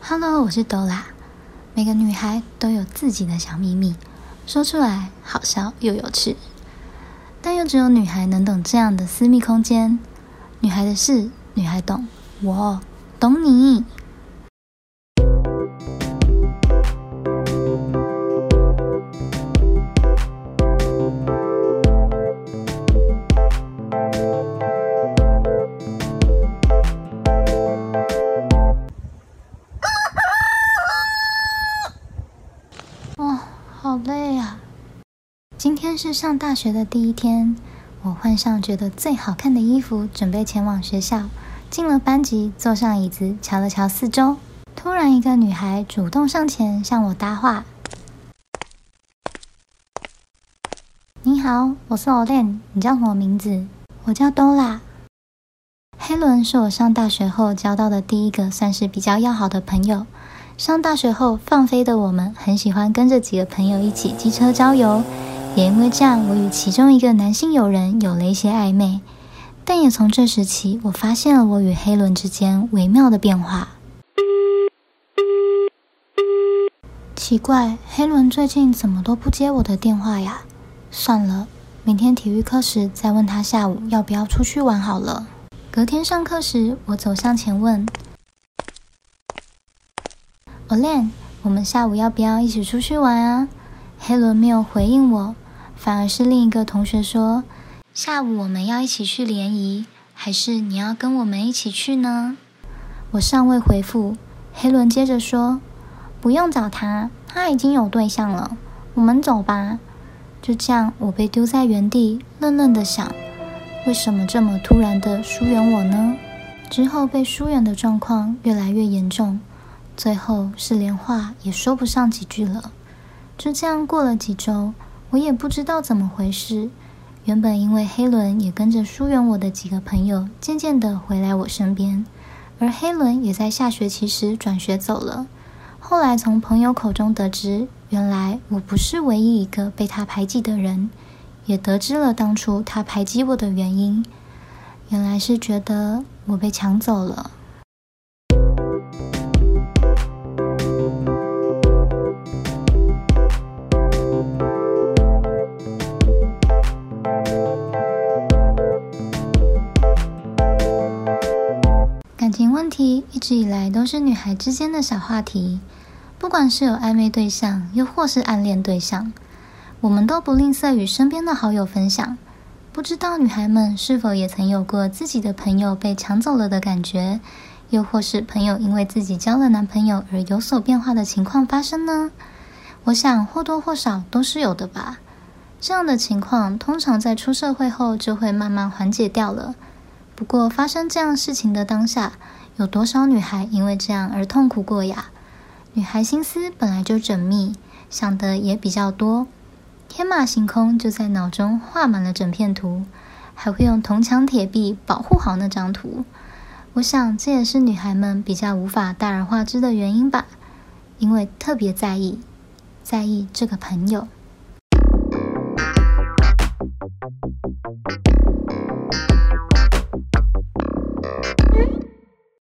哈嘍，我是朵拉。每個女孩都有自己的小祕密，說出來好笑又有趣，但又只有女孩能懂這樣的私密空間。女孩的事，女孩懂，我懂你。今天是上大學的第一天，我換上覺得最好看的衣服，準備前往學校。進了班級，坐上椅子，瞧了瞧四周，突然一個女孩主動上前向我搭話：“你好，我是 Olen，你叫什麼名字？”“我叫 Dora。”黑倫是我上大學後交到的第一個算是比較要好的朋友。上大學後放飛的我們，很喜歡跟着幾個朋友一起機車郊遊。也因為這樣，我與其中一個男性友人有了一些曖昧，但也從這時起，我發現了我與黑倫之間微妙的變化。奇怪，黑倫最近怎麼都不接我的電話呀？算了，明天體育課時再問他下午要不要出去玩好了。隔天上課時，我走向前問：“Olan，我們下午要不要一起出去玩啊？”黑倫沒有回應我。反而是另一個同學說：“下午我們要一起去聯誼，還是你要跟我們一起去呢？”我尚未回復，黑倫接着說：“不用找他，他已經有對象了。我們走吧。”就這樣，我被丟在原地，愣愣地想：為什麼這麼突然地疏遠我呢？之後被疏遠的狀況越來越嚴重，最後是連話也說不上幾句了。就這樣過了幾週。我也不知道怎麼回事，原本因為黑倫也跟着疏遠我的幾個朋友，漸漸的回來我身邊，而黑倫也在下學期時轉學走了。後來從朋友口中得知，原來我不是唯一一個被他排擠的人，也得知了當初他排擠我的原因，原來是覺得我被搶走了。問題一直以來都是女孩之間的小話題，不管是有曖昧對象，又或是暗戀對象，我們都不吝嗇與身邊的好友分享。不知道女孩們是否也曾有過自己的朋友被搶走了的感覺，又或是朋友因為自己交了男朋友而有所變化的情況發生呢？我想或多或少都是有的吧。這樣的情況通常在出社會後就會慢慢緩解掉了。不過發生這樣事情的當下，有多少女孩因為這樣而痛苦過呀？女孩心思本來就縝密，想的也比較多，天馬行空就在腦中畫滿了整片圖，還會用銅牆鐵壁保護好那張圖。我想這也是女孩們比較無法大而化之的原因吧，因為特別在意，在意這個朋友。